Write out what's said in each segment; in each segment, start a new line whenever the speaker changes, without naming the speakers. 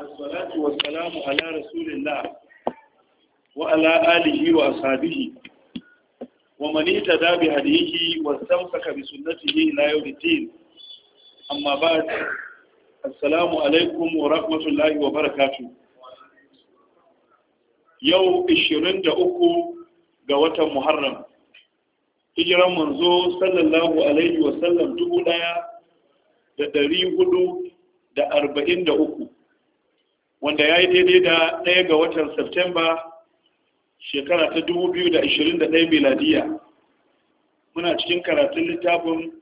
Assalatu wassalamu ala Rasulillah wa ala wa ashabihi wa man ittaba bi hadihi wa istamsaka bi sunnatihi ila yawmiddin. Amma ba'd. Assalamu alaikum wa rahmatullahi wa barakatuh. Yau 23 ga watan Muharram. Hijiran manzo sallallahu alaihi wa da 1443 wanda ya yi daidai da ɗaya ga watan Septemba shekara ta 2021 miladiya muna cikin karatun littafin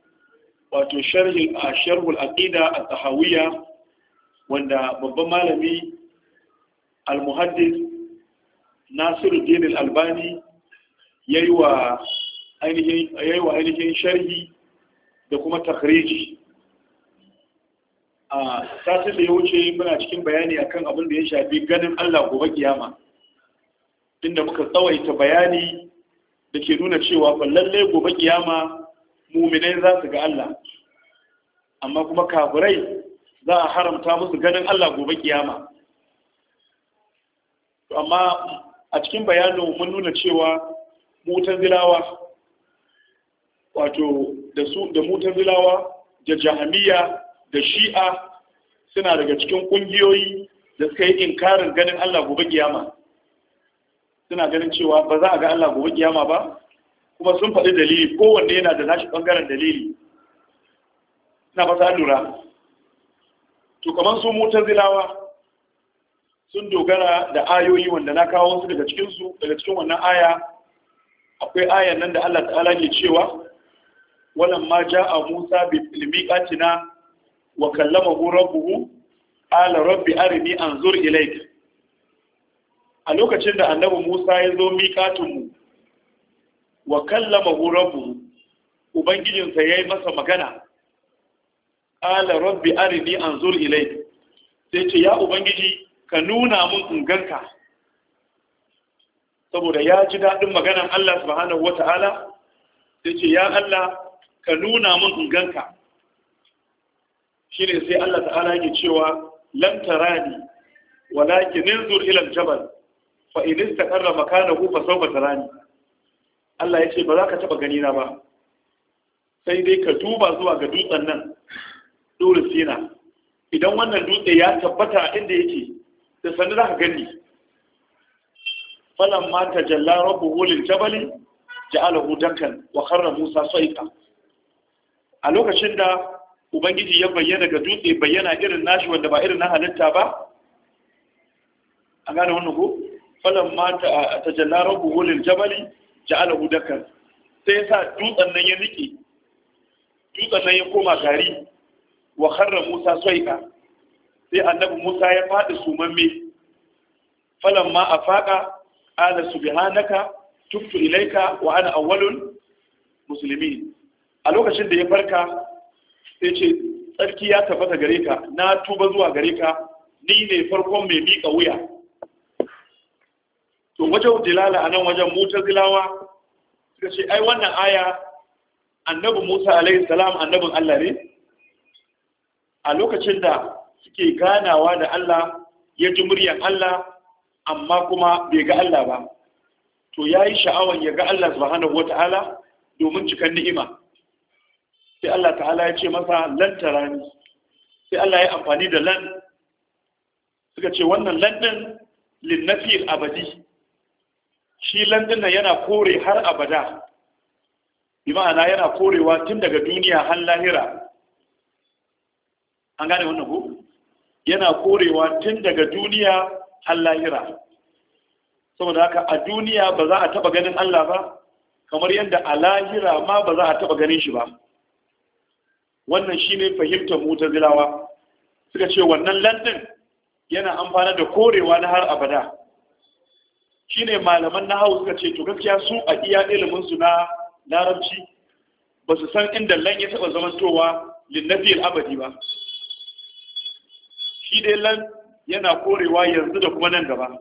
wato sharhin a sharhul aqida a tahawiyya wanda babban malami almuhaddis nasiru dinin albani ya yi wa ainihin sharhi da kuma takhriji a satin da ya wuce muna cikin bayani akan abin da ya shafi ganin Allah gobe kiyama inda muka tsawaita bayani da ke nuna cewa lallai gobe kiyama muminai za su ga Allah amma kuma kafirai za a haramta musu ganin Allah gobe kiyama amma a cikin bayanin mun nuna cewa mutan zilawa wato da su da mutan zilawa da jahamiya da shi'a suna daga cikin ƙungiyoyi da suka yi inkarin ganin Allah gobe kiyama suna ganin cewa ba za a ga Allah gobe kiyama ba kuma sun faɗi dalili kowanne yana da nashi ɓangaren dalili Suna ba ta lura to kamar su zilawa sun dogara da ayoyi wanda na kawo su daga cikin su daga cikin wannan aya akwai ayan nan da Allah ta'ala ke cewa walamma ma ja'a Musa bi miqatina wa kallamahu rabbuhu ala rabbi arini anzur ilayk a lokacin da annabi Musa ya zo miƙatunmu wa kallamahu rabbuhu ubangijinsa yayi masa magana ala rabbi arini anzur ilayk sai ce ya ubangiji ka nuna mun inganka saboda ya ji daɗin maganan Allah subhanahu wata'ala sai ce ya Allah ka nuna mun inganka shine sai Allah ta'ala yake cewa lam tarani walakin nzur ila aljabal jabal fa in istaqarra makanahu fa sawfa tarani Allah yace ba za ka taba gani na ba sai dai ka duba zuwa ga dutsen nan dole sina idan wannan dutse ya tabbata inda yake da sanin za ka gani falan ma tajalla rabbuhu lil jabal ja'alahu dakan wa kharra musa sa'iqa a lokacin da ubangiji ya bayyana ga dutse bayyana irin nashi wanda ba irin na halitta ba A gane wannan ko falan ma ta tajalla rabbuhu jabali ja'ala dakan sai sa dutsen nan ya nike dutsen nan ya koma gari wa kharra Musa saika sai annabi Musa ya fadi mamme. falan ma afaqa qala subhanaka tuftu ilayka wa ana awwalul muslimin a lokacin da ya farka sai ce tsarki ya tabbata gare ka na tuba zuwa gare ka ni ne farkon mai miƙa wuya to wajen dilala a nan wajen zilawa suka ce ai wannan aya annabin musa alaihi salam annabin allah ne a lokacin da suke ganawa da allah ya ji muryan allah amma kuma bai ga allah ba to ya yi sha'awan ya ga allah subhanahu wata'ala domin cikan ni'ima sai Allah ta'ala ya ce masa lan tarani sai Allah ya amfani da lan suka ce wannan lan din linnafi abadi shi lan din nan yana kore har abada bi ma'ana yana korewa tun daga duniya har lahira an gane wannan ko yana korewa tun daga duniya har lahira saboda haka a duniya ba za a taba ganin Allah ba kamar yadda a lahira ma ba za a taba ganin shi ba wannan shi shine fahimtar mutazilawa suka ce wannan lantin yana amfana da korewa na har abada Shi ne malaman na hau suka ce to gaskiya su a iya ilimin su na larabci ba su san inda lan ya taba zamantowa linnafiyar abadi ba shi dai lan yana korewa yanzu da kuma nan gaba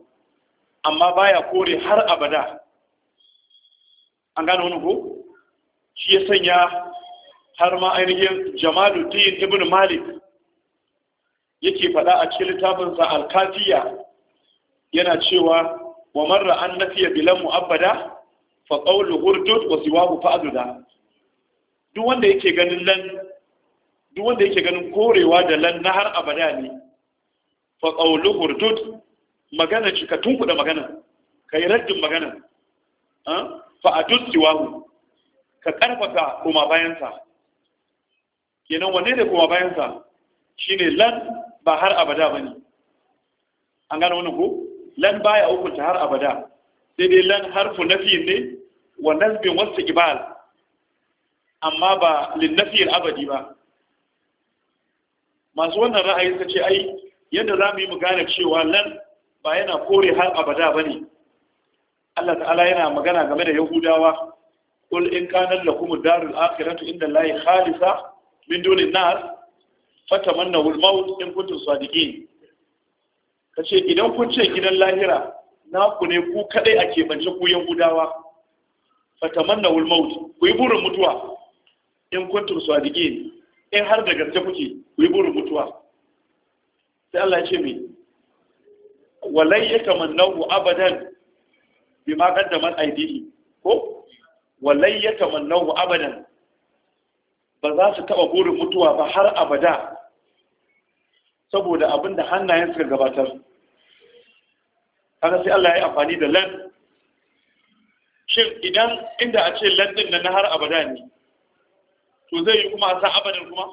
amma baya kore har abada an gano wani ko shi ya sanya har ma ainihin jamaluddin ibn malik yake faɗa a cikin littafinsa alkafiya yana cewa wa marra an nafiya bilan mu'abbada fa qawlu hurdud wa siwahu fa'duda duk wanda yake ganin lan duk wanda yake ganin korewa da lan na har abada ne fa qawlu hurdud magana ci ka tunkuda magana kai raddin magana ah, fa adud siwahu ka karfafa kuma bayansa kenan wanne ne kuma bayansa shine lan ba har abada ba ne an gano wani ko lan baya hukunta har abada sai dai lan harfu nafi ne wa nasbin wasu ibal amma ba linnafiyar abadi ba masu wannan ra'ayi ta ce ai yadda za mu yi mu gane cewa lan ba yana kore har abada ba ne Allah ta'ala yana magana game da yahudawa kul in kana daru darul akhiratu inda lahi khalisa min duni nas fatamannahu al-maut in kuntum sadiqin kace idan kun ce gidan lahira na ku ne ku kadai a keɓance ku yahudawa fatamannahu al-maut ku yi burin mutuwa in kuntum sadiqin in har da gaske kuke ku yi burin mutuwa sai Allah ya ce me walai yatamannahu abadan bima qaddamat aydihi ko walai yatamannahu abadan ba za su taɓa burin mutuwa ba har abada saboda abin da hannayen suka gabatar ana sai Allah ya yi amfani da lan shin idan inda a ce lan din nan har abada ne to zai yi kuma a san abadan kuma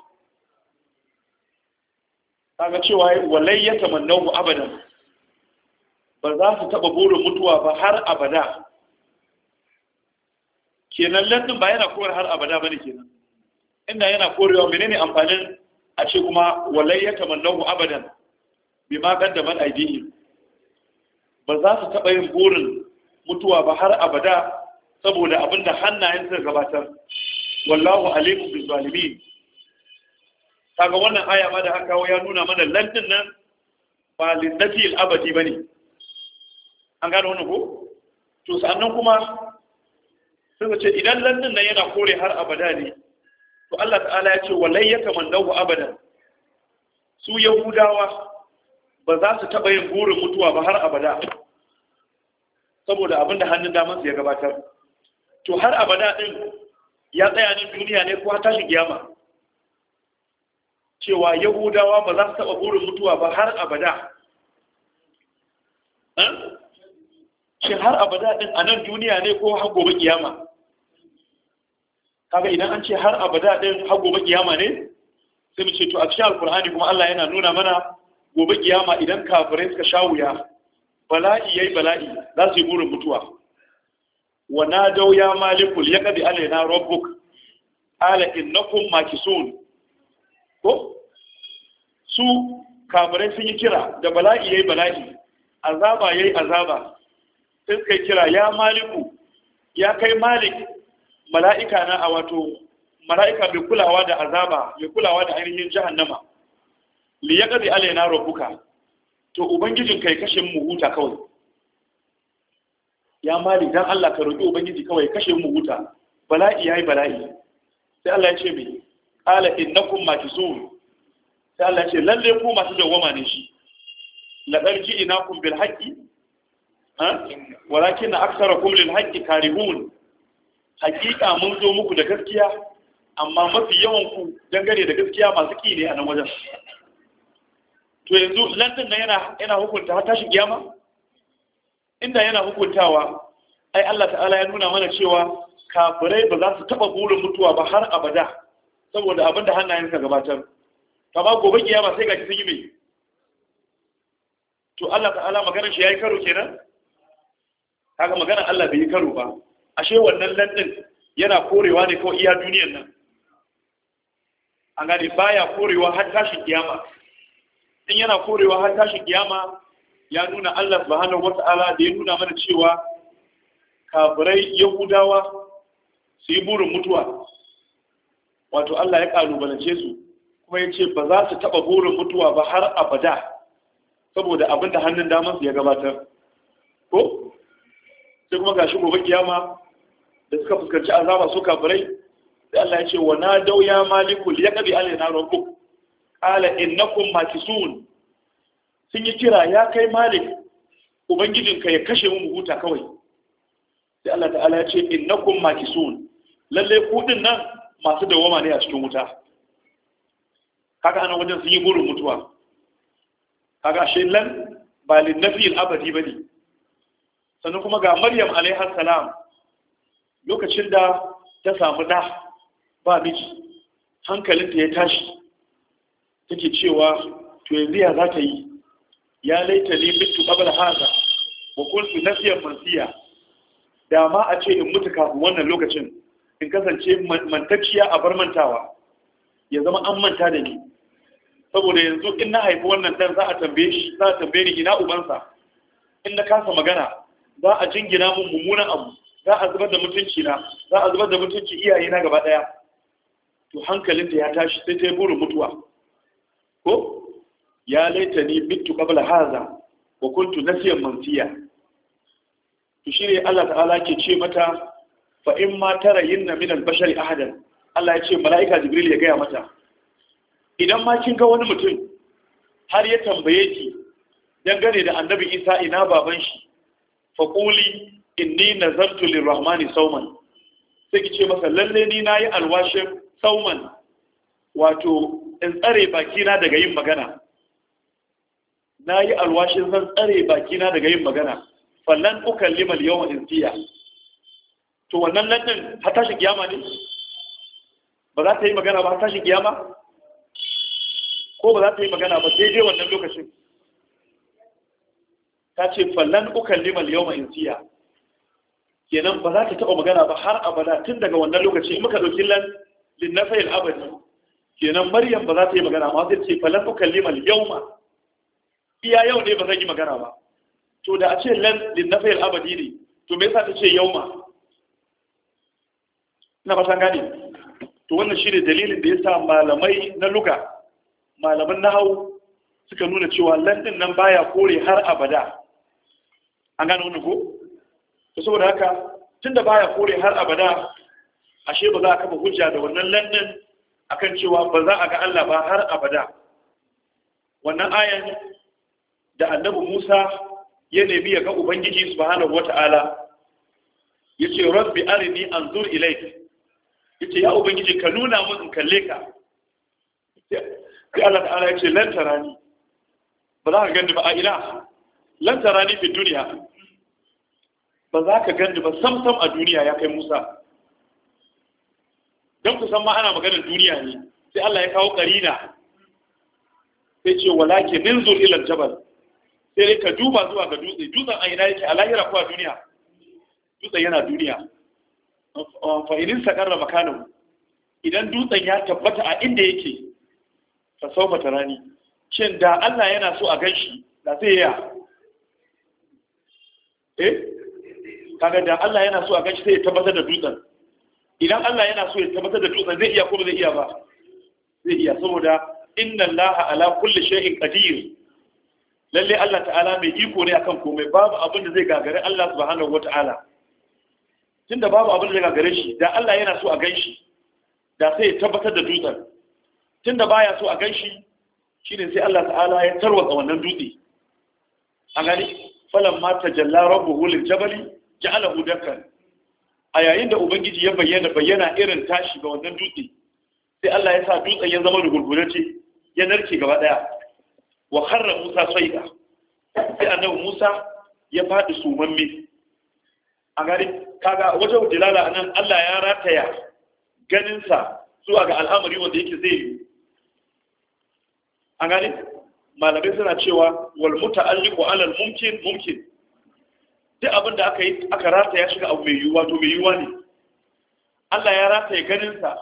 kaga cewa walai ya tamannahu abadan ba za su taɓa burin mutuwa ba har abada kenan lan din ba yana kowar har abada bane kenan inda yana korewa menene amfanin a ce kuma walai ya tamannahu abadan bi ma qaddaman aydihim ba za su taba yin burin mutuwa ba har abada saboda abin da hannayen sun gabatar wallahu alimun bil zalimin kaga wannan aya ma da aka kawo ya nuna mana lantin nan ba lindatil abadi bane an gano wannan ko to sannan kuma sai ce idan lantin nan yana kore har abada ne to Allah ta'ala ya ce walai ya kamandahu abadan su yahudawa ba za su taɓa yin burin mutuwa ba har abada saboda abinda hannun damansu ya gabatar to har abada ɗin ya tsaya ne duniya ne ko tashi giyama? cewa yahudawa ba za su taɓa burin mutuwa ba har abada shi har abada ɗin a nan duniya ne ko har gobe kiyama kaga idan an ce har abada din har gobe kiyama ne sai mu ce to a cikin alkur'ani kuma Allah yana nuna mana gobe kiyama idan kafirai suka sha wuya bala'i yayi bala'i za su yi burin mutuwa wa nadaw ya malikul yaqdi alaina rabbuk ala innakum makisun ko su kafirai sun yi kira da bala'i yayi bala'i azaba yayi azaba sai suka kira ya maliku ya kai malik mala'ika na a wato mala'ika mai kulawa da azaba mai kulawa da ainihin jahannama li ya qadi alaina rabbuka to ubangijin kai kashe mu huta kawai ya mali don Allah ka roƙi ubangiji kawai kashe mu huta bala'i ya yi bala'i sai Allah ya ce mai qala innakum majzun sai Allah ya ce lalle ku masu dawwama ne shi laqad ji'nakum bil haqqi ha walakin aktharakum lil haqqi karihun hakika mun zo muku da gaskiya amma mafi yawan ku dangane da gaskiya masu ki ne a nan wajen to yanzu lantin nan yana hukunta har tashin giyama inda yana hukuntawa ai Allah ta'ala ya nuna mana cewa kafirai ba za su taba burin mutuwa ba har abada saboda abin da hannayensa gabatar kama gobe giyama sai gaji sun yi mai to Allah ta'ala maganar shi yayi karo kenan haka maganar Allah bai yi karo ba ashe wannan landin yana korewa ne kawai iya duniyar nan an gani baya korewa har tashin kiyama in yana korewa har tashin kiyama ya nuna Allah subhanahu wata'ala da ya nuna mana cewa kafirai yahudawa su yi burin mutuwa wato Allah ya kalubalance su kuma ya ce ba za su taba burin mutuwa ba har abada saboda abin da hannun damansu ya gabatar ko sai kuma gashi gobe kiyama da suka fuskanci azaba su kafirai sai Allah ya ce wa na dau ya maliku ya kabi alaina rabbuk qala innakum makisun sun yi kira ya kai malik ubangijinka ya kashe mu huta kawai sai Allah ta'ala ya ce innakum makisun lalle ku din nan masu dawama ne a cikin wuta kaga anan wajen sun yi gurin mutuwa kaga shi lan ba lin nafi abadi bane sannan kuma ga maryam alaiha salam lokacin da ta samu da ba miji hankalinta ya tashi take cewa to yanzu ya za ta yi ya laita ne mitu ƙabar haza wa na nasiyan mansiya da ma a ce in mutu kafin wannan lokacin in kasance mantacciya a bar mantawa ya zama an manta da ni saboda yanzu in na haifi wannan dan za a tambaye shi za a tambaye ni ina ubansa in na kasa magana za a jingina mun mummunan abu za a zubar da mutunci na za a zubar da mutunci iyaye na gaba daya to hankalinta ya tashi sai ta yi mutuwa ko ya laita ni bitu qabla haza wa kuntu nasiyan mansiya to ne Allah ta'ala ke ce mata fa in ma tarayinna min al-bashari ahadan Allah ya ce mala'ika Jibril ya gaya mata idan ma kin ga wani mutum har ya tambaye ki dangane da Annabi Isa ina baban shi fa inni nazartu lirrahmani sauman sai ki ce masa lalle ni nayi alwashin sauman wato in tsare bakina daga yin magana nayi alwashin zan tsare bakina daga yin magana fallan ukallima al-yawma insiya to wannan lannan har tashi kiyama ne ba za ta yi magana ba har tashi kiyama ko ba za ta yi magana ba daidai wannan lokacin ta ce fallan ukallima al-yawma insiya kenan ba za ta taɓa magana ba har abada tun daga wannan lokaci in muka ɗauki lan linnafayil abadi kenan maryam ba za ta yi magana ma zai ce falan ku kallimal ma iya yau ne ba zan yi magana ba to da a ce lan linnafayil abadi ne to me yasa ta ce yau ma? ina ba san gane to wannan shine dalilin da yasa malamai na luga malaman nahawu suka nuna cewa lan din nan baya kore har abada an gane wannan ko to saboda haka tun da baya kore har abada ashe ba za a kafa hujja da wannan lannan akan cewa ba za a ga Allah ba har abada wannan ayan da annabi Musa ya nemi ya ga ubangiji subhanahu wata'ala yace rabbi arini anzur ilayk yace ya ubangiji ka nuna mun in kalle ka sai Allah ta'ala yace lan tarani ba za ka gani ba a ila lan tarani fi duniya ba za ka gani ba samsam a duniya ya kai Musa don san ma ana maganar duniya ne sai Allah ya kawo karina sai ce walake zuwa ilar jabal sai dai ka duba zuwa ga dutse dutsen a yake a lahira ko a duniya dutsen yana duniya fa saƙar da idan dutsen ya tabbata a inda yake ka sau mata rani shin da Allah yana so a ganshi da sai ya eh kaga da Allah yana so a ganshi sai ya tabbatar da dutsen idan Allah yana so ya tabbatar da dutsen zai iya ko zai iya ba zai iya saboda inna Allah ala kulli shay'in qadir lalle Allah ta'ala mai iko ne akan komai babu abin da zai gagare Allah subhanahu wata'ala tunda babu abin da zai gagare shi da Allah yana so a ganshi da sai ya tabbatar da dutsen tunda baya so a ganshi shine sai Allah ta'ala ya tarwatsa wannan dutse a gani falamma tajalla rabbuhu lil jabali ja'ala hudakan a yayin da ubangiji ya bayyana bayyana irin tashi ga wannan dutse sai Allah ya sa dutsen ya zama rugurgurace ya narke gaba daya wa kharra Musa sayda sai annabi Musa ya fadi sumamme a gari kaga wajen dilala anan Allah ya rataya ganin sa zuwa ga al'amari wanda yake zai yi a gari malamai suna cewa wal muta'alliqu ala al mumkin mumkin duk abin da aka yi aka rata ya shiga abu mai yiwuwa to mai yiwuwa ne Allah ya rata ya ganin sa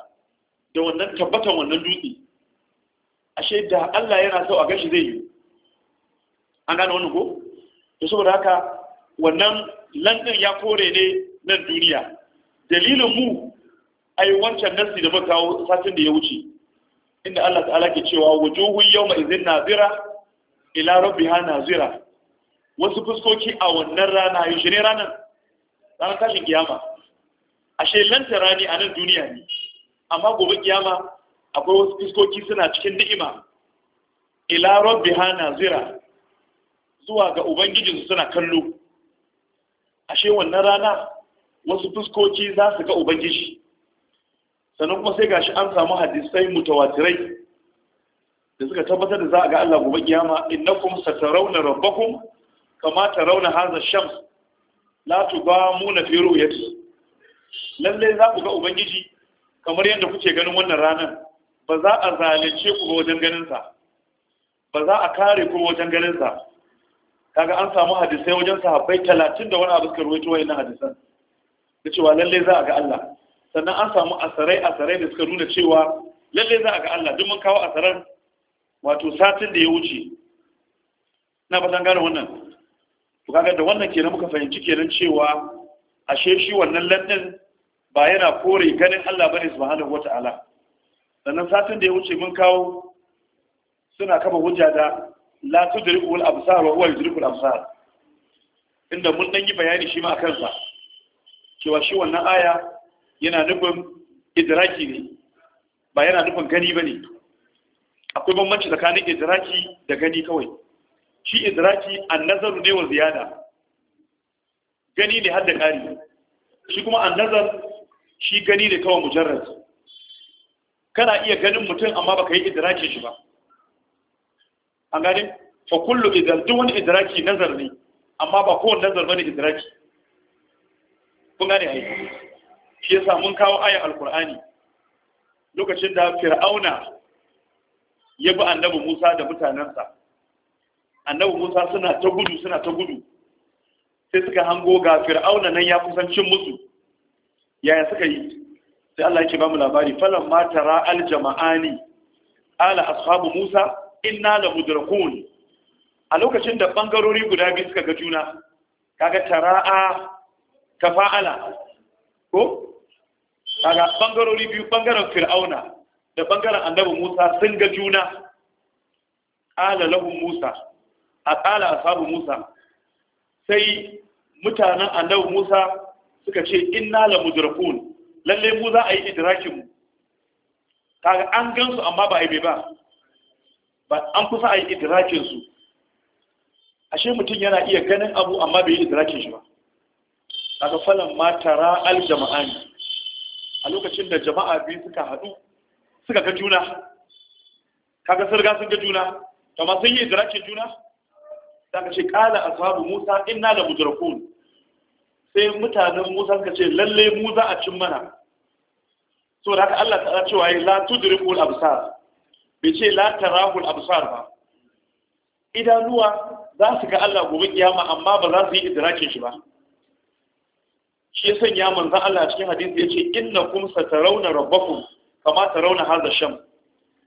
da wannan tabbatar wannan dutse ashe da Allah yana so a shi zai yi an gane wannan ko to saboda haka wannan lantin ya kore ne nan duniya dalilin mu ai wancan nasi da muka kawo satin da ya wuce inda Allah ta'ala ke cewa wujuhu yawma idhin nazira ila rabbiha nazira wasu fuskoki a wannan rana shi ne ranar ranar tashin kiyama ashe shelanta rani a nan duniya ne amma gobe kiyama akwai wasu fuskoki suna cikin ni'ima ila na nazira zuwa ga ubangijinsu suna kallo ashe wannan rana wasu fuskoki za su ga ubangiji sannan kuma sai gashi an samu hadisai mutawatirai da suka tabbatar da za a ga Allah gobe kiyama innakum satarawna rabbakum kama ta rauna haza shams la tugamu na fi yadda. lalle za ku ga ubangiji kamar yadda kuke ganin wannan ranar ba za a zalunce ku ba wajen ganin sa ba za a kare ku wajen ganin sa kaga an samu hadisai wajen sahabbai talatin da wani abu suka ruwaito wayannan hadisan da cewa lalle za a ga Allah sannan an samu asarai asarai da suka nuna cewa lalle za a ga Allah duk mun kawo asaran wato satin da ya wuce na fatan gane wannan to kaga da wannan kenan muka fahimci kenan cewa ashe shi wannan lannin ba yana kore ganin Allah bane subhanahu wata'ala sannan satin da ya wuce mun kawo suna kafa hujja da la al absar wa huwa al absar inda mun dan yi bayani shi ma akan sa cewa shi wannan aya yana nufin idraki ne ba yana nufin gani bane akwai bambanci tsakanin idraki da gani kawai shi idraki nazaru ne wa ziyada gani ne hadda ƙari shi kuma nazar shi gani ne kawai mujarrad kana iya ganin mutum amma baka yi idrakin shi ba an gane fa kullu idan duk wani idraki nazar ne amma ba kowane nazar bane idraki kun gane ai shi yasa mun kawo ayat alqur'ani lokacin da fir'auna ya bi annabi Musa da mutanansa annabi Musa suna ta gudu suna ta gudu sai suka hango ga fir'auna nan ya kusancin musu yaya suka yi sai Allah yake ba mu labari falan ma tara aljama'ani ala ashabu Musa inna la mudrakun a lokacin da bangarori guda biyu suka ga juna kaga tara'a fa'ala ko kaga bangarori biyu bangaren fir'auna da bangaren annabi Musa sun ga juna ala lahu Musa a ƙala a sabu musa sai mutanen annabi musa suka ce inna la mudrakun lalle mu za a yi idrakin mu kaga an gansu amma ba a yi ba ba an kusa a yi idirakinsu. ashe mutum yana iya ganin abu amma bai yi idrakin shi ba kaga falon matara tara al jama'ani a lokacin da jama'a biyu suka haɗu suka ga juna kaga sun sun ga juna to ma sun yi idrakin juna saka ce kala ashabu musa inna la mudrakun sai mutanen musa suka ce lalle mu za a cin mana da haka Allah ta cewa la tudrikul absar bai ce la tarahul absar ba idanuwa za su ga Allah gobe kiyama amma ba za su yi idrakin shi ba shi ya sanya Allah Allah cikin hadisi yace innakum satarawna rabbakum kama tarawna hadha sham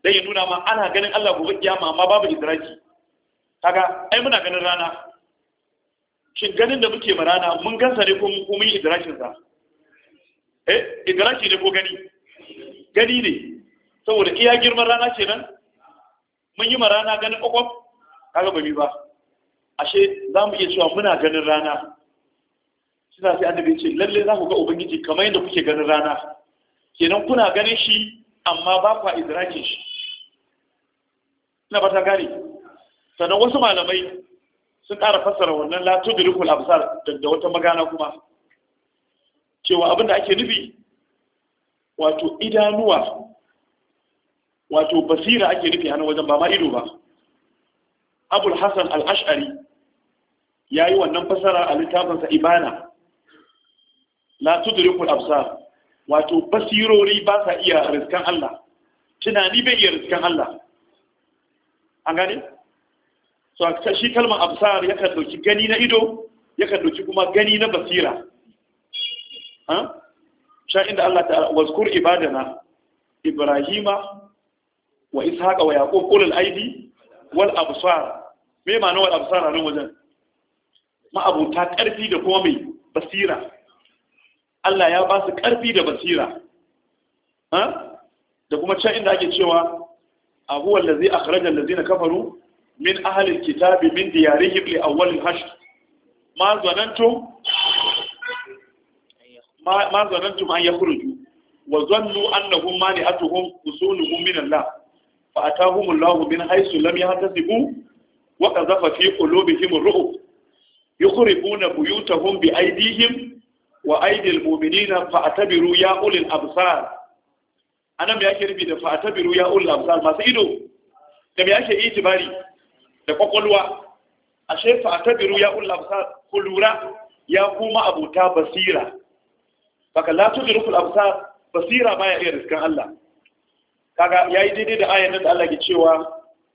dai ya nuna ma ana ganin Allah gobe kiyama amma babu idraki kaga ai muna ganin rana shin ganin da muke ma rana mun gansa ne ko mun yi idrakin sa eh idraki ne ko gani gani ne saboda iya girman rana ce nan mun yi ma rana ganin kwakwaf kaga ba ba ashe za mu iya cewa muna ganin rana shi sai annabi ce lalle za ku ga ubangiji kamar yadda kuke ganin rana kenan kuna ganin shi amma ba ku idrakin shi ina ba ta gane sannan wasu malamai sun ƙara fassara wannan da rikul absar da wata magana kuma cewa abin da ake nufi wato idanuwa wato basira ake nufi hannun wajen ba ma ido ba abul hassan al'ash'ari ya yi wannan fassara a littafinsa ibana da rikul absar wato basirori ba sa iya riskan Allah tunani bai iya riskan Allah an gane so shi kalmar absar kan ɗauki gani na ido ya kan ɗauki kuma gani na basira ha sha inda Allah ta'ala wazkur ibadana ibrahima wa ishaqa wa yaqub ulul aidi wal absar me ma'ana wal absar a nan wajen ma'abuta ƙarfi da kuma mai basira Allah ya ba su ƙarfi da basira ha da kuma can inda ake cewa abuwan da zai akarajar da zai na kafaru min ahalin kitabi min diyarihim li awwalil hashr ma zanantum ma zanantum an yakhruju wa zannu annahum mani'atuhum usuluhum min Allah fa atahum Allah min haythu lam yahtasibu wa qadhafa fi qulubihim ar-ru'b yukhribuna buyutahum bi aydihim wa aydil mu'minina fa atabiru ya ulil absar anan me yake rubi da fa atabiru ya ulil absar masu ido da me yake itibari da kwakwalwa ashe a tabiru ya ulul absar ku lura ya kuma abuta basira baka la tudrikul absar basira baya iya riskan Allah kaga yayi daidai da ayan da Allah ke cewa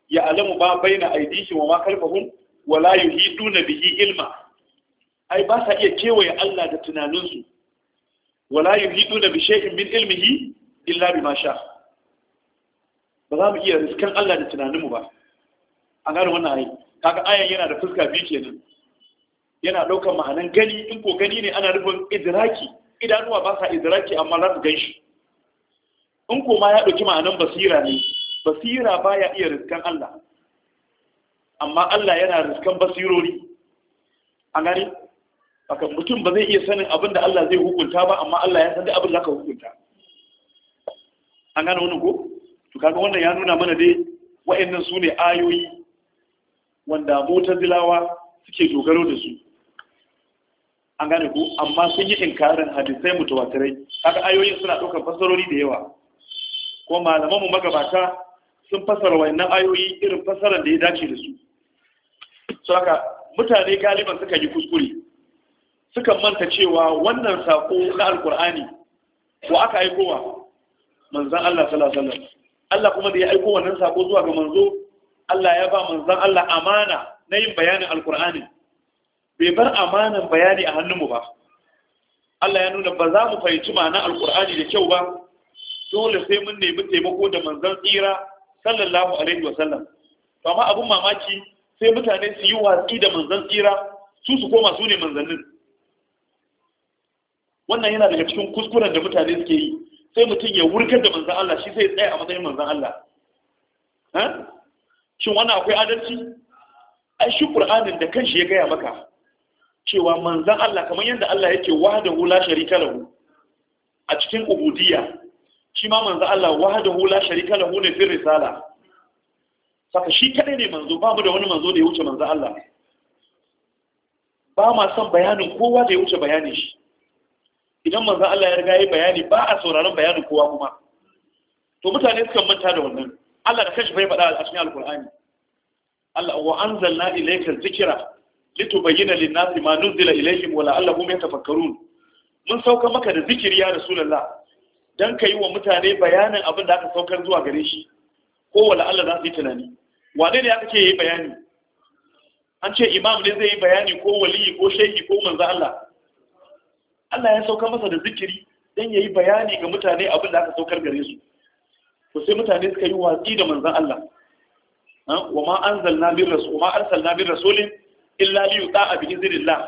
ya alamu ba baina aidihim wa ma khalfahum wa la yuhiduna bihi ilma ai ba sa iya kewaye Allah da tunaninsu wa la yuhiduna bi shay'in min ilmihi illa bima sha ba za mu iya riskan Allah da tunaninmu ba a gane wannan ayi kaga ayan yana da fuska biyu kenan yana ɗaukar ma'anan gani in ko gani ne ana nufin idraki idanuwa ba sa idraki amma za su gan shi in ko ma ya ɗauki ma'anan basira ne basira ba ya iya riskan Allah amma Allah yana riskan basirori a gani baka mutum ba zai iya sanin abin da Allah zai hukunta ba amma Allah ya san abin da aka hukunta an gane wani ko to kaga wannan ya nuna mana dai wa'annan su ne ayoyi wanda zilawa suke dogaro da su an gane ku amma sun yi inkarin hadisai mutawatirai haka ayoyin suna ɗaukar fasarori da yawa ko malaman mu magabata sun fasara wannan ayoyi irin fasaran da ya dace da su Su haka mutane galiban suka yi kuskure sukan manta cewa wannan sako na alkur'ani ko aka aikowa manzan Allah sallallahu alaihi wasallam Allah kuma da ya aiko wannan sako zuwa ga manzo Allah ya ba manzan Allah amana na yin bayanin alkur'ani bai bar amanan bayani a hannunmu ba Allah ya nuna ba za mu fahimci ma'anar alkur'ani da kyau ba dole sai mun nemi taimako da manzan tsira sallallahu alaihi wasallam to amma abun mamaki sai mutane su yi watsi da manzan tsira su su koma su ne manzannin wannan yana daga cikin kuskuren da mutane suke yi sai mutum ya wurkar da manzan Allah shi sai tsaya a matsayin manzan Allah shin wannan akwai adalci ai shi qur'anin da kanshi ya gaya maka cewa manzan Allah kamar yadda Allah yake wahdahu la sharika lahu a cikin ubudiyya shi ma manzan Allah wahdahu la sharika lahu ne fi risala saka shi kadai ne manzo babu da wani manzo da ya wuce manzan Allah ba ma son bayanin kowa da ya wuce bayanin shi idan manzan Allah ya riga ya bayani ba a sauraron bayanin kowa kuma to mutane suka manta da wannan Allah da kashi bai faɗa a cikin alkur'ani Allah wa anzalna ilayka dhikra litubayyana lin-nasi ma nuzila ilayhim wa la'allahum yatafakkarun mun sauka maka da zikiri ya rasulullah dan kai wa mutane bayanin abin da aka saukar zuwa gare shi ko wala Allah za su yi tunani wane ne aka ce yayi bayani an ce imam ne zai yi bayani ko waliyi ko shehi ko manzo Allah Allah ya sauka masa da zikiri dan yayi bayani ga mutane abin da aka saukar gare su to sai mutane suka yi watsi da manzan Allah wa ma zalna bin rasu ma zalna bin rasulin illa li yuta'a bi iznillah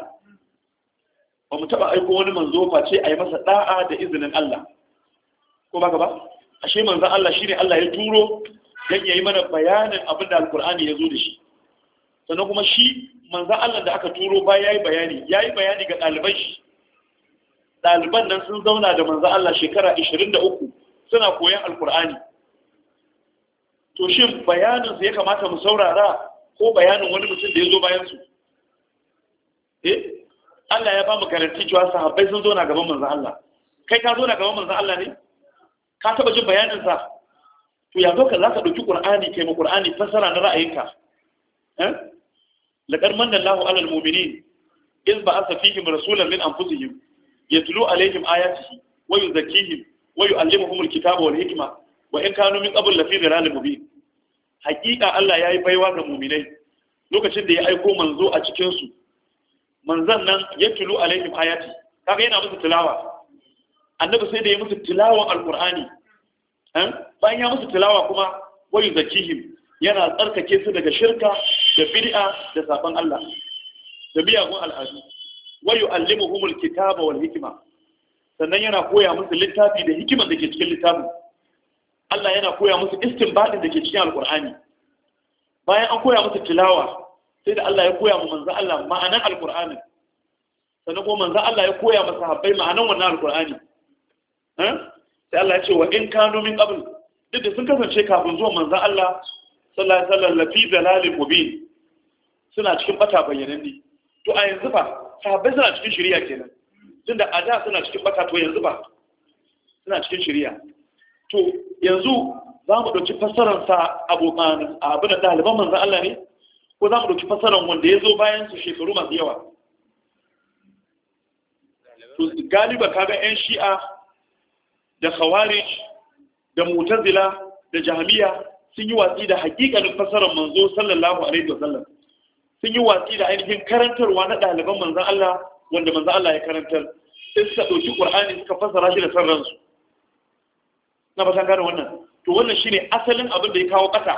ba mu taba aiko wani manzo ce a yi masa da'a da izinin Allah ko baka ba ashe manzan Allah shine Allah ya turo dan yayi mana bayanin abin da alqur'ani ya zo da shi sannan kuma shi manzan Allah da aka turo ba yayi bayani yayi bayani ga ɗaliban shi ɗaliban nan sun zauna da manzan Allah shekara 23 suna koyon alqur'ani to shi bayanin su ya kamata mu saurara ko bayanin wani mutum da ya zo bayan su eh Allah ya ba mu garanti cewa sahabbai sun zo na gaban manzon Allah kai ka zo na gaban manzon Allah ne ka taba jin bayanin sa to ya zo ka za ka dauki Qur'ani kai mu Qur'ani fasara na ra'ayinka eh laqad manna 'alal mu'minin iz ba'atha fihim rasulan min anfusihim yatlu 'alayhim ayatihi wa yuzakkihim wa yu'allimuhum al-kitaba wal hikma wa in kanu min qabl lafi dhilalin mubin hakika Allah ya yi baiwa ga muminai lokacin da ya aiko manzo a cikinsu manzan nan ya tulu alaihim ayati kaga yana musu tilawa annabi sai da ya musu tilawa alqur'ani bayan ya musu tilawa kuma wayu zakihim yana tsarkake su daga shirka da bid'a da saban Allah da biyagun al'adu wayu allimuhumul kitaba wal hikma sannan yana koya musu littafi da hikiman da ke cikin littafin Allah yana koya musu istinbadin da ke cikin Alƙur'ani. bayan an koya musu tilawa sai da Allah ya koya mu manzo Allah ma'anan Alƙur'ani. sannan kuma manzo Allah ya koya masa sahabbai ma'anan wannan alkur'ani eh? sai Allah ya ce wa in kanu min qabl duk da sun kasance kafin zuwa manzo Allah sallallahu alaihi wasallam lafi dalalin mubin suna cikin bata ne. to a yanzu fa sahabbai suna cikin shari'a kenan tunda a da suna cikin bata to yanzu ba suna cikin shari'a to yanzu za mu ɗauki fassarar sa abokan abin da ɗaliban manzan Allah ne ko za mu ɗauki fassarar wanda ya zo bayan su shekaru masu yawa to galiba kaga yan shi'a da khawarij da mutazila da jami'a sun yi watsi da hakikanin fassarar manzo sallallahu alaihi wasallam sun yi watsi da ainihin karantarwa na ɗaliban manzan Allah wanda manzan Allah ya karantar sai suka ɗauki ƙur'ani suka fassara shi da san ransu na ba san gane wannan to wannan shine asalin abin da ya kawo kasa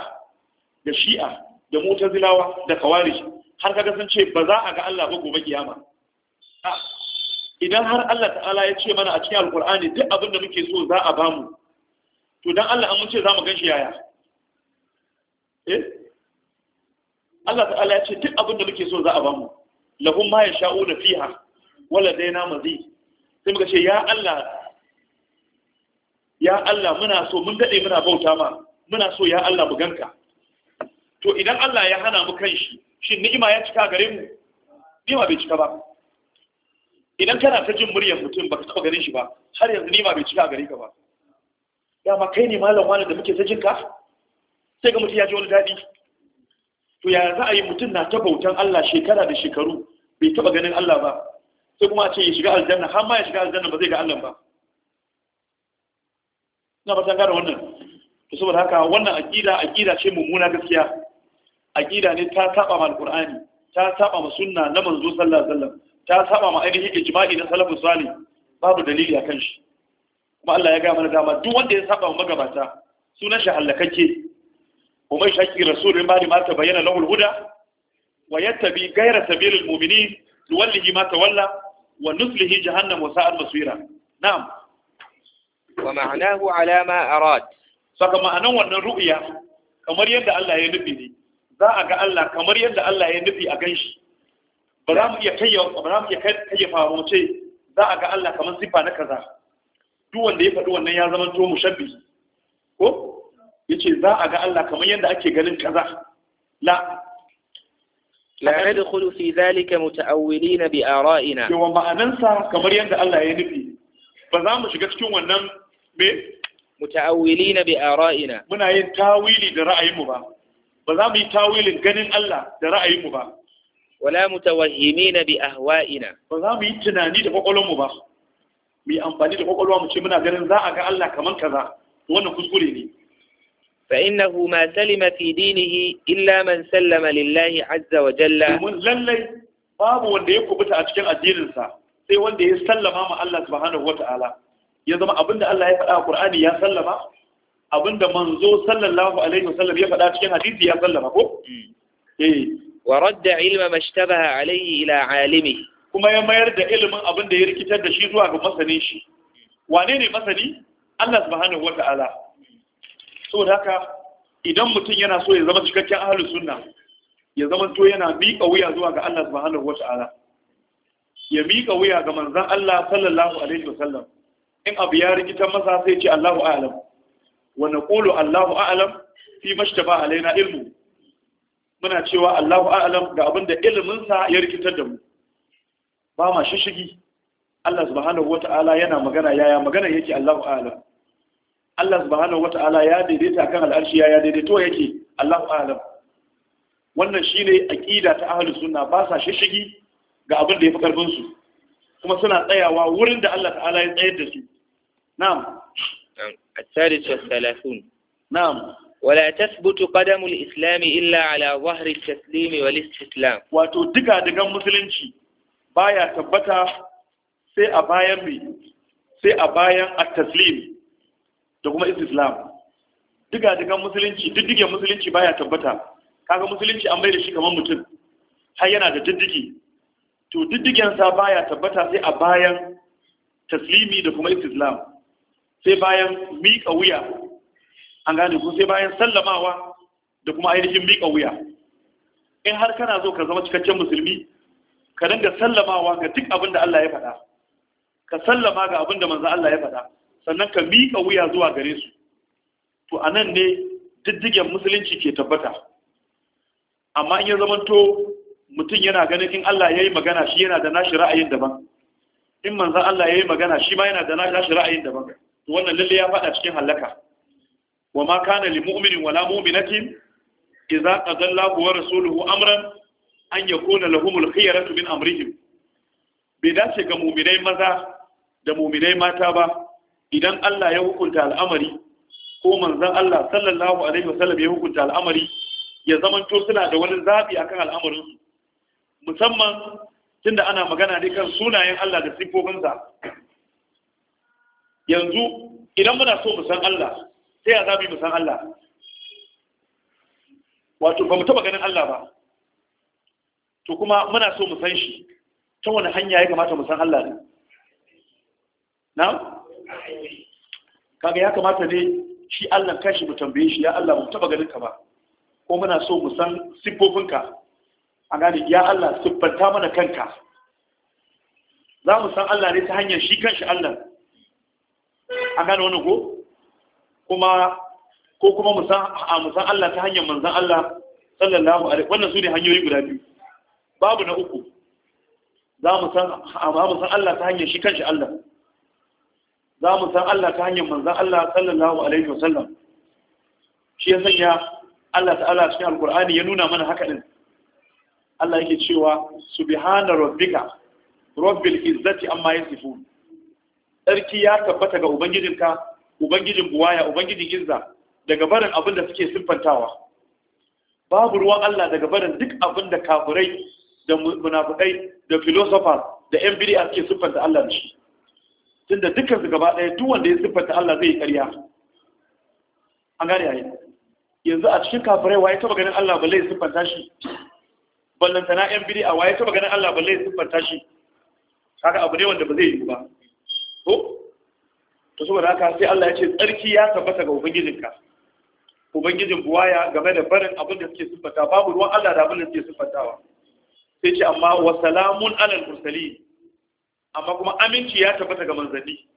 da shi'a da mutazilawa da kawari har kaga sun ce ba za a ga Allah ba gobe kiyama idan har Allah ta'ala ya ce mana a cikin alqur'ani duk abin da muke so za a ba mu, to dan Allah an mun ce za mu ganshi yaya eh Allah ta'ala ya ce duk abin da muke so za a ba mu lahum ma yasha'u fiha wala dayna mazi sai muka ce ya Allah ya Allah muna so mun dade muna bauta ma muna so ya Allah mu ganka to idan Allah ya hana mu kan shi, shin ni'ima ya cika gare mu ni'ima bai cika ba idan kana ta jin muryar mutum baka taba ganin shi ba har yanzu ni'ima bai cika gare ka ba Ya ma kai ne malam wani da muke ta jin ka sai ga mutum ya ji wani daɗi to ya za a yi mutum na ta bautan Allah shekara da shekaru bai taba ganin Allah ba sai kuma a ce ya shiga aljanna har ma ya shiga aljanna ba zai ga Allah ba suna ba tangara wannan saboda haka wannan aqida aqida ce mummuna gaskiya aqida ne ta taba ma alqur'ani ta taba ma sunna na manzo sallallahu alaihi ta taba ma ainihin ijma'i na salafus salih babu dalili akan shi kuma Allah ya ga mana dama duk wanda ya saba magabata sunan shi halakake umai shaki rasulun ba da mata bayyana lahul huda wa yattabi ghayra sabilil mu'minin wallahi ma tawalla wa nuslihi jahannam wa sa'at masira na'am wa ma'anahu ala ma arad saka ma'anan wannan ru'ya kamar yadda Allah ya nufi ne za a ga Allah kamar yadda Allah ya nufi a ganshi ba za mu iya kayyafa ba za mu za a ga Allah kamar sifa na kaza duk wanda ya faɗi wannan ya zama to ko za a ga Allah kamar yadda ganin kaza لا ندخل في ذلك متأولين بآرائنا يوم ما أننسى كما يند الله ينفي فزام شكتكم ونم me muta'awwilina bi ara'ina muna yin tawili da ra'ayinmu ba ba za mu yi tawilin ganin Allah da ra'ayinmu ba wala mutawahhimina bi ahwa'ina ba za mu yi tunani da kwakwalwarmu ba mu yi amfani da kwakwalwa mu ce muna ganin za a ga Allah kamar kaza wannan kuskure ne fa innahu ma salima fi dinihi illa man sallama lillahi azza wa jalla mun lallai babu wanda ya kubuta a cikin addininsa sai wanda ya sallama ma Allah subhanahu wataala ya zama abinda Allah ya faɗa a Qur'ani ya sallama abinda manzo sallallahu alaihi wasallam ya faɗa cikin hadisi ya sallama ko hmm. eh wa radda ilma mashtabaha alaihi ila alimi kuma ya mayar da ilimin abinda ya rikitar da shi zuwa ga masanin shi wane ne masani Allah subhanahu wata'ala saboda haka idan mutum yana so ya zama cikakken ahlus sunna ya zama to yana miƙa wuya zuwa ga Allah subhanahu wata'ala ya miƙa wuya ga manzon Allah sallallahu alaihi wasallam in abu ya rikita masa sai ce Allahu a'lam wa naqulu Allahu a'lam fi mashtaba alaina ilmu muna cewa Allahu a'lam ga abinda ilimin sa ya rikitar da mu ba ma shishigi Allah subhanahu wata'ala yana magana yaya magana yake Allahu a'lam Allah subhanahu wata'ala ya daidaita kan al'arshi yaya daidaito yake Allahu a'lam wannan shine aqida ta ahlus sunna ba sa shishigi ga abin da ya fi karfin su kuma suna tsayawa wurin da Allah ta'ala ya tsayar da su نعم الثالث والثلاثون نعم ولا تثبت قدم الإسلام إلا على ظهر التسليم والاستسلام وتدقى دقا دقا بايا تبتا سي أبايا بي سي أبايا التسليم دقما إسلام دقى دقا مسلنشي دقا مسلنشي بايا تبتا kaga musulunci an bai da shi kamar mutum har yana da diddigi to diddigensa baya tabbata sai a bayan taslimi da kuma istislam sai bayan miƙa wuya an gane ku sai bayan sallamawa da kuma ainihin miƙa wuya in har kana zo ka zama cikakken musulmi ka dinga sallamawa ga duk abin da Allah ya faɗa ka sallama ga abin da manzo Allah ya faɗa sannan ka miƙa wuya zuwa gare su to anan ne diddigen musulunci ke tabbata amma in ya zamanto mutum yana ganin in Allah ya yi magana shi yana da nashi ra'ayin daban in manzan Allah ya yi magana shi ma yana da nashi ra'ayin daban wannan lalle ya fada cikin halaka wa ma kana lil mu'minin wala mu'minatin idza qadallahu wa rasuluhu amran an yakuna lahumul khiyaratu min amrihim bai dace ga mu'minai maza da mu'minai mata ba idan Allah ya hukunta al'amari ko manzon Allah sallallahu alaihi wasallam ya hukunta al'amari ya zamanto suna da wani zabi akan al'amarin su musamman tunda ana magana ne kan sunayen Allah da sifofinsa yanzu idan muna so mu san Allah sai ya zabi mu san Allah wato ba mu taba ganin Allah ba to kuma muna so mu san shi ta wani hanya ya kamata mu san Allah ne na kaga ya kamata ne shi Allah kashi mu tambaye shi ya Allah mu taba ganin ka ba ko muna so mu san siffofinka a gane ya Allah siffanta mana kanka za mu san Allah ne ta hanyar shi kanshi Allah an gane wani ko kuma ko kuma musan Allah ta hanyar manzan Allah sallallahu alaihi wannan su ne hanyoyi guda biyu babu na uku za mu san Allah ta hanyar shi kanshi Allah za mu san Allah ta hanyar manzan Allah sallallahu alaihi wasallam shi ya sanya Allah ta'ala cikin alkur'ani ya nuna mana haka din Allah yake cewa subhana rabbika rabbil izzati amma yasifun tsarki ya tabbata ga ubangijinka ubangijin buwaya ubangijin izza daga barin abin da suke siffantawa babu ruwan Allah daga barin duk abin da kafirai da munafikai da philosophers da yan bid'a suke siffanta Allah da shi tunda dukkan su gaba ɗaya duk wanda ya siffanta Allah zai yi ƙarya an gane yayi yanzu a cikin kafirai waye taba ganin Allah balle ya siffanta shi ballantana yan bid'a waye taba ganin Allah balle ya siffanta shi kaga abu ne wanda ba zai yi ba ko to saboda haka sai Allah ya ce tsarki ya tabbata ga ubangijinka ubangijin ya game da barin abin da suke sifata babu ruwan Allah da abin da suke sifatawa sai ce amma wa salamun alal mursali amma kuma aminci ya tabbata ga manzanni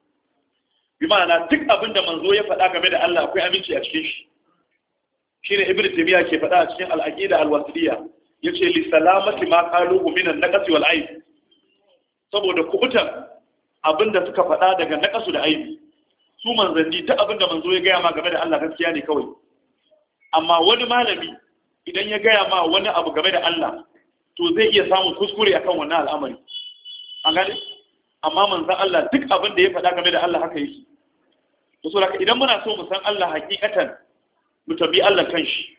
bi ma'ana duk abin da manzo ya faɗa game da Allah akwai aminci a cikin shi shine ibn taymiya ke faɗa a cikin al-aqida al-wasiliya yace li salamati ma qalu minan naqsi wal aib saboda kubutan abinda suka faɗa daga nakasu da aibi su manzanni ta abinda manzo ya gaya ma game da Allah gaskiya ne kawai amma wani malami idan ya gaya ma wani abu game da Allah to zai iya samun kuskure akan wannan al'amari an gane amma manzan Allah duk abin da ya faɗa game da Allah haka yake to so haka idan muna so mu san Allah hakikatan mu tabi Allah kanshi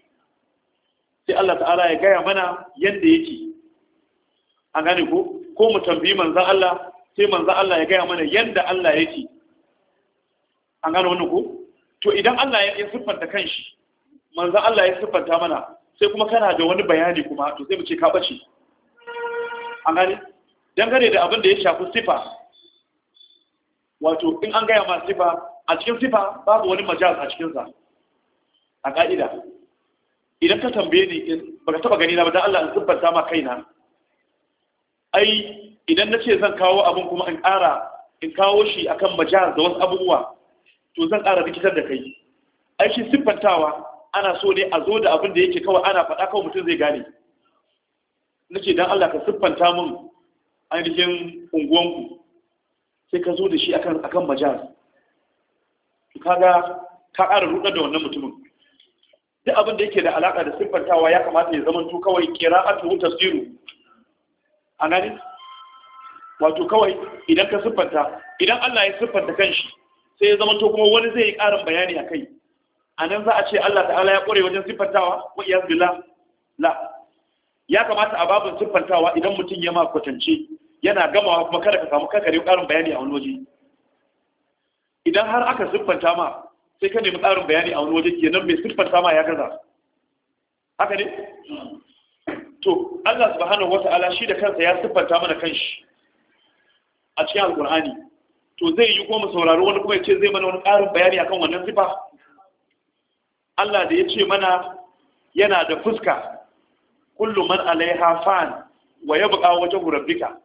sai Allah ta'ala ya gaya mana yanda yake an gane ko ko mu tambayi manzan Allah sai manzo Allah ya gaya mana yanda Allah yake an gano wannan ko to idan Allah ya siffanta kanshi manzo Allah ya siffanta mana sai kuma kana da wani bayani kuma to sai mu ce ka bace an gane dangane da abin da ya shafi sifa wato in an gaya ma sifa a cikin sifa babu wani majaz a cikinsa a ka'ida idan ka tambaye ni baka taba gani na ba dan Allah ya siffanta ma kaina ai idan na ce zan kawo abin kuma in ƙara in kawo shi a kan majaz da wasu abubuwa to zan ƙara rikitar da kai Aishi shi siffantawa ana so ne a zo da abin da yake kawai ana faɗa kawai mutum zai gane Na ce don Allah ka siffanta mun ainihin unguwanku sai ka zo da shi a kan majaz kaga ka ƙara rudar da wannan mutumin duk abin da yake da alaƙa da siffantawa ya kamata ya zama to kawai qira'atu tasiru, a gani wato kawai idan ka siffanta idan Allah ya siffanta kanshi sai ya zama to kuma wani zai yi ƙarin bayani a kai a nan za a ce Allah ta'ala ya ƙware wajen siffantawa wa iya billah la ya kamata a babin siffantawa idan mutum ya ma kwatance yana gamawa kuma kada ka samu kakare ƙarin bayani a wani waje idan har aka siffanta ma sai ka nemi ƙarin bayani a wani waje kenan mai siffanta ma ya gaza haka ne to Allah subhanahu ta'ala shi da kansa ya siffanta mana kanshi a cikin alkur'ani to zai yi kuma sauraro wani kuma ya ce zai mana wani ƙarin bayani akan wannan sifa Allah da ya ce mana yana da fuska kullu man alaiha fan wa yabqa wajhu rabbika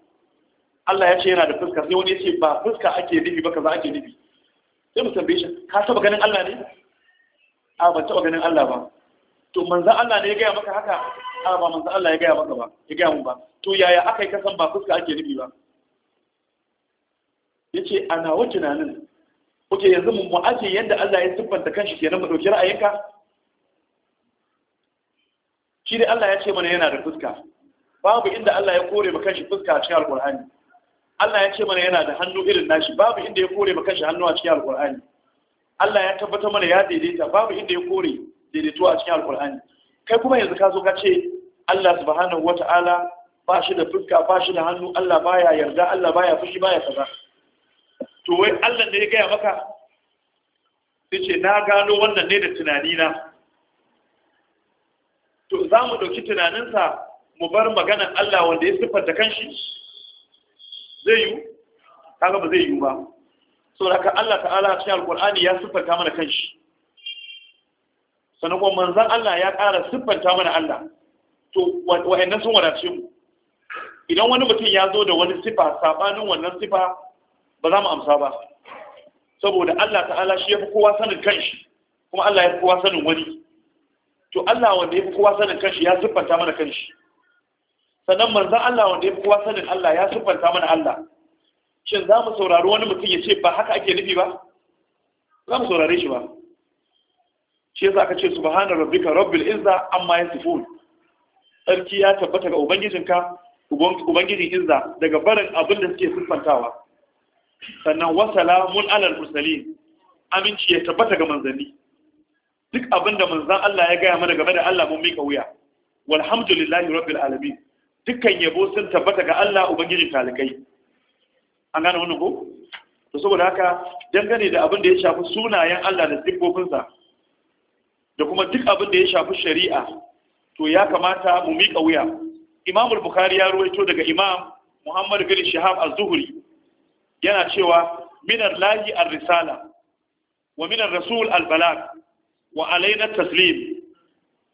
Allah ya ce yana da fuska sai wani ya ce ba fuska ake nufi ba kaza ake nufi sai mu tambaye shi ka taba ganin Allah ne a ban taba ganin Allah ba to manzo Allah ne ya gaya maka haka a ba manzo Allah ya gaya maka ba ya gaya mun ba to yaya aka yi kasan ba fuska ake nufi ba Ya ce ana wa tunanin kuke yanzu mu mu'ajin yadda Allah ya siffanta kanshi kenan mu ɗauki ra'ayinka shi dai Allah ya ce mana yana da fuska babu inda Allah ya kore maka kanshi fuska a cikin Alƙur'ani. Allah ya ce mana yana da hannu irin nashi babu inda ya kore maka kanshi hannu a cikin Alƙur'ani. Allah ya tabbata mana ya daidaita babu inda ya kore daidaito a cikin Alƙur'ani. kai kuma yanzu ka zo ka ce Allah subhanahu wata'ala ba shi da fuska ba shi da hannu Allah baya yarda Allah baya fushi baya kaza to wai Allah ne ya gaya maka sai ce na gano wannan ne da tunanina to za mu ɗauki tunaninsa mu bar maganan Allah wanda ya siffanta kanshi zai yi kaga ba zai yi ba saboda haka Allah ta'ala cikin alkur'ani ya siffanta mana kanshi sannan kuma manzan Allah ya ƙara siffanta mana Allah to wa'annan sun wadace mu idan wani mutum ya zo da wani sifa sabanin wannan sifa ba za mu amsa ba saboda Allah ta'ala shi ya fi kowa sanin kanshi kuma Allah ya fi kowa sanin wani to Allah wanda ya fi kowa sanin kanshi ya siffanta mana kanshi sannan manzan Allah wanda ya fi kowa sanin Allah ya siffanta mana Allah shin za mu saurari wani mutum ya ce ba haka ake nufi ba za mu saurare shi ba shi yasa aka ce subhana rabbika rabbil izza amma yasifun sarki ya tabbata ga ubangijinka ubangijin izza daga barin abin da suke siffantawa sannan mun alal musali aminci ya tabbata ga manzanni duk abinda manzan Allah ya gaya mana game da Allah mun mika wuya walhamdulillahi rabbil alamin dukkan yabo sun tabbata ga Allah ubangiji talikai an gane wannan ko to saboda haka dangane da abin ya shafi sunayen Allah da sifofinsa da kuma duk abinda ya shafi shari'a to ya kamata mu mika wuya Imamul bukhari ya ruwaito daga imam muhammad bin shihab az-zuhri yana cewa minar lahi al risala wa minar rasul al-balag wa alaina taslim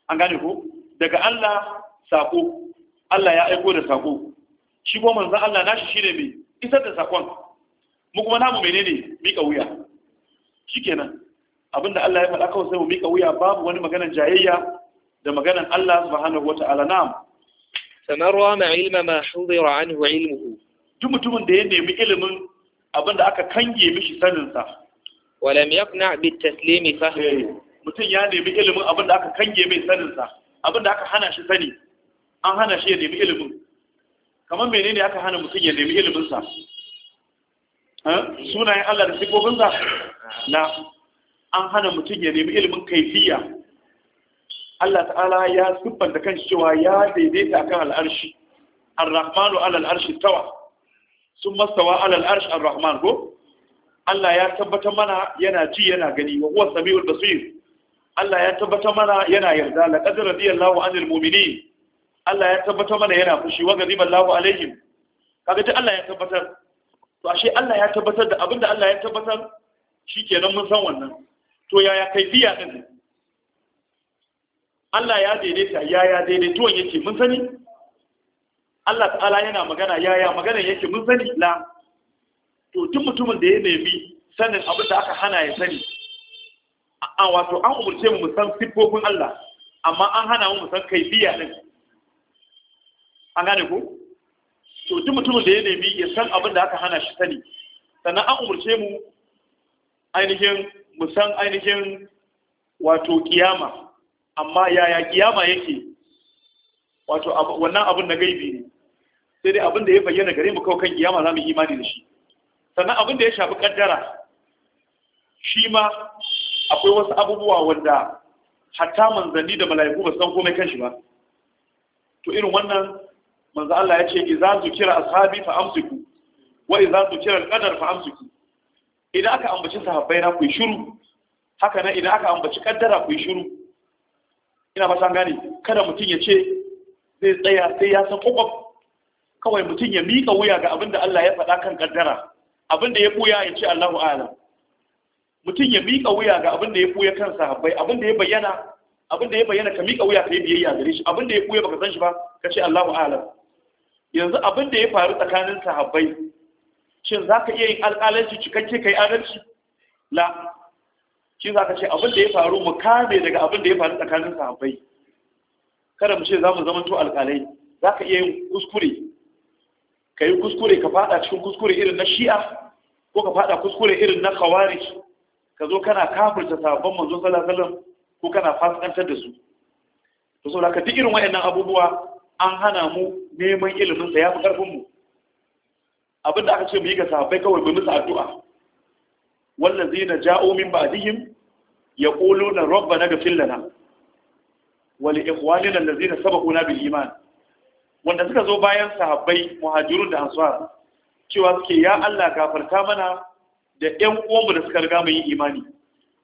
an gane ku? daga Allah sako Allah ya aiko da sako shi ko manzon Allah nashi shine mai isar da sakon mu kuma namu menene mika wuya shikenan abinda Allah ya faɗa kawai sai mu mika wuya babu wani maganar jayayya da maganar Allah subhanahu wata'ala na'am sanar rama ilma ma hudira anhu ilmuhu duk mutumin da ya nemi ilimin abinda aka kange mishi saninsa walam yaqna bi taslimi fahmi eh, mutum ya nemi ilimin abinda aka kange mai saninsa abinda aka hana shi sani an hana shi ya nemi ilimin kamar menene aka hana mutum ya nemi ilimin sa eh, sunayen Allah da sifofin sa na an hana mutum ya nemi ilimin kaifiya Allah ta'ala ya siffanta kan cewa ya daidaita akan al'arshi ar-rahmanu ala al'arshi tawa sun mastawa alal arsh ar-rahman ko Allah ya tabbatar mana yana ji yana gani wa huwa samiul basir Allah ya tabbatar mana yana yarda laqad radiyallahu anil mu'minin Allah ya tabbata mana yana fushi wa ghadiba Allahu alaihim kaga ta Allah ya tabbatar to ashe Allah ya tabbatar da abinda Allah ya tabbatar shikenan mun san wannan to yaya kaifiya din Allah ya daidaita yaya daidaituwan yake mun sani Allah ta'ala yana magana yaya magana yake mun sani la to tun mutumin da ya nemi sanin abin da aka hana ya sani a wato an umurce mu san sifofin Allah amma an hana mu san kaifiya din an gane ko to duk mutumin da ya nemi ya san abin da aka hana shi sani sannan an umurce mu ainihin mu san ainihin wato kiyama amma yaya kiyama yake wato wannan abin na gaibi ne sai dai abin da ya bayyana gare mu kawai kan kiyama za mu yi imani da shi sannan abin da ya shafi kaddara shi ma akwai wasu abubuwa wanda hatta manzanni da mala'iku ba san komai kan shi ba to irin wannan manzo Allah ya ce idza zukira ashabi fa amsiku wa idza zukira alqadar fa amsiku idan aka ambaci sahabbai na ku shiru haka nan idan aka ambaci kaddara ku shiru ina ba san gane kada mutun ya ce zai tsaya sai ya san kwakwaf kawai mutum ya miƙa wuya ga abin da Allah ya faɗa kan kaddara abin da ya buya ya ce Allahu alam mutum ya miƙa wuya ga abin da ya buya kan sahabbai abin da ya bayyana abin da ya bayyana ka miƙa wuya ka yi biyayya gare shi abin da ya buya baka san shi ba ka ce Allahu alam yanzu abin da ya faru tsakanin sahabbai shin za ka iya yin alƙalanci cikakke ka yi adalci la shi za ka ce abin da ya faru mu kame daga abin da ya faru tsakanin sahabbai kada mu ce za mu zamanto alƙalai za ka iya yin kuskure ka yi kuskure ka fada cikin kuskure irin na shi'a ko ka fada kuskure irin na Kawari. ka zo kana kafirta sabon manzon sallallahu ko kana fasantar da su to saboda ka duk irin wayannan abubuwa an hana mu neman ilimin sa yafi karfin mu abinda aka ce mu yi ga sahabbai kawai mu musu addu'a wallazina ja'u min ba'dihim yaquluna rabbana ghfir lana wali ikhwanina saba kuna bil iman wanda suka zo bayan sahabbai muhajirun da ansar cewa suke ya Allah gafarta mana da ƴan uwanmu da suka riga mai yi imani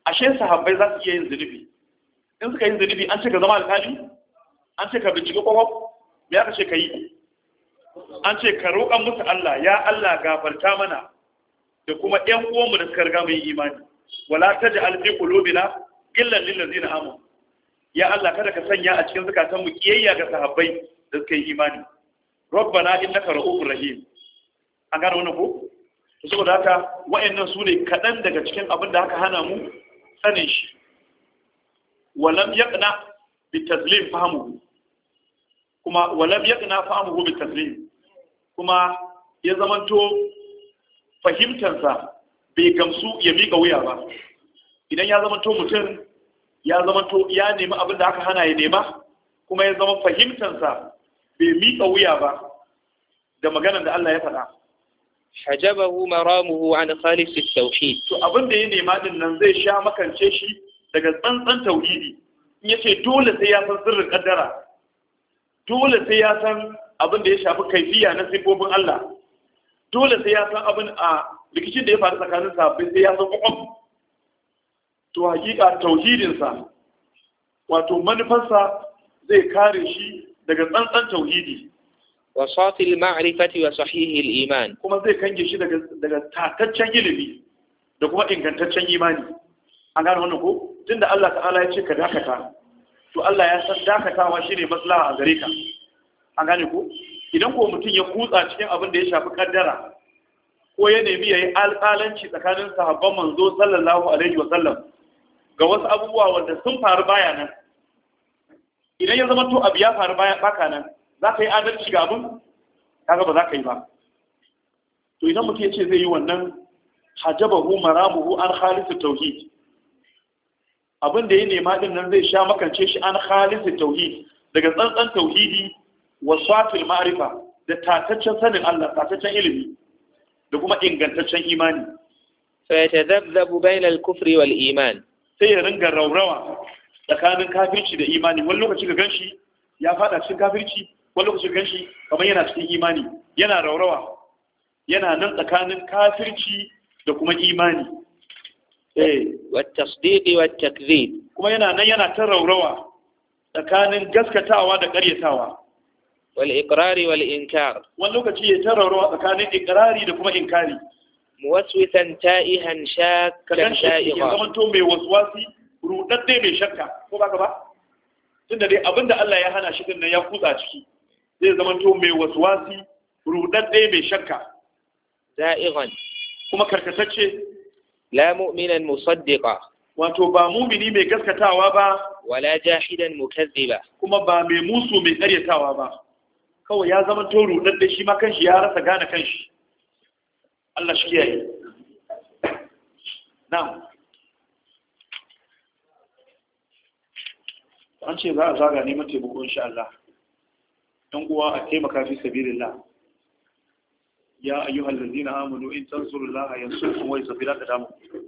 ashe sahabbai za su iya yin zunubi in suka yi zunubi an ce ka zama alkali an ce ka bincike kwakwaf me aka ce ka yi an ce ka roƙan musu Allah ya Allah gafarta mana da kuma ƴan uwanmu da suka riga mai yi imani wala taj'al fi qulubina illa lil zina amanu ya Allah kada ka sanya a cikin zukatanmu mu kiyayya ga sahabbai da suka yi imani rabbana innaka ra'ufur rahim an gane wannan ko to saboda haka wayannan su ne kadan daga cikin abin da aka hana mu sanin shi walam yaqna bi tazlim fahmu kuma walam yaqna fahmu bi tazlim kuma ya zamanto fahimtarsa bai gamsu ya miƙa wuya ba idan ya zamanto mutum ya zama to ya nemi abin da aka hana ya nema kuma ya zama fahimtansa bai miƙa wuya ba da maganar da Allah ya faɗa hajabahu maramuhu an khalis at-tauhid to abin da ya nema din nan zai sha makance shi daga tsantsan tauhidi in yace dole sai ya san sirrin kaddara dole sai ya san abin da ya shafi kaifiya na sifofin Allah dole sai ya san abin a rikicin da ya faru tsakanin sa sahabbai sai ya san kwakwam to hakika tauhidinsa wato manufarsa zai kare shi daga tsantsan tauhidi wa safil ma'rifati wa sahihil iman kuma zai kange shi daga daga tataccen ilimi da kuma ingantaccen imani an gane wannan ko tunda Allah ta'ala ya ce ka dakata to Allah ya san dakatawa shine maslaha a gare ka an gane ko idan ko mutum ya kutsa cikin abin da ya shafi kaddara ko ya nemi yayi alƙalanci tsakanin sahabban manzo sallallahu alaihi wa sallam ga wasu abubuwa wanda sun faru baya nan idan ya zama to abu ya faru baya baka nan za ka yi adalci ga abin ga ba za ka yi ba to idan mutum ya ce zai yi wannan hajabahu maramuhu an halittu tauhid abin da ya nema din nan zai sha makance shi an halittu tauhid daga tsantsan tauhidi wa safil ma'rifa da tataccen sanin Allah tataccen ilimi da kuma ingantaccen imani fa yatadabbu bainal kufri wal iman sai ya ringa raurawa tsakanin kafirci da imani wani lokaci ga ganshi ya fada cikin kafirci wani lokaci ga ganshi kamar yana cikin imani yana raurawa yana nan tsakanin kafirci da kuma imani eh wa tasdiqi wa takdhib kuma yana nan yana ta raurawa tsakanin gaskatawa da ƙaryatawa wal iqrari wal inkar wani lokaci ya ta raurawa tsakanin iqrari da kuma inkari muwaswisan ta'ihan shakkan sha'iha ya zama to mai waswasi rudadde mai shakka ko ba ka ba tunda dai abinda Allah ya hana shi din nan ya kutsa ciki zai zama to mai waswasi rudadde mai shakka za'iran kuma karkatacce la mu'minan musaddiqa wato ba mumini mai gaskatawa ba wala jahidan mukazziba kuma ba mai musu mai karyatawa ba kawai ya zama to rudadde shi ma kanshi ya rasa gane kanshi Allah shi yayi na'am an ce za a zaga neman taimako insha Allah dan uwa a taimaka fi sabilillah ya ayyuhal ladina amanu in tansurullaha yansurkum wa yusabbir lakum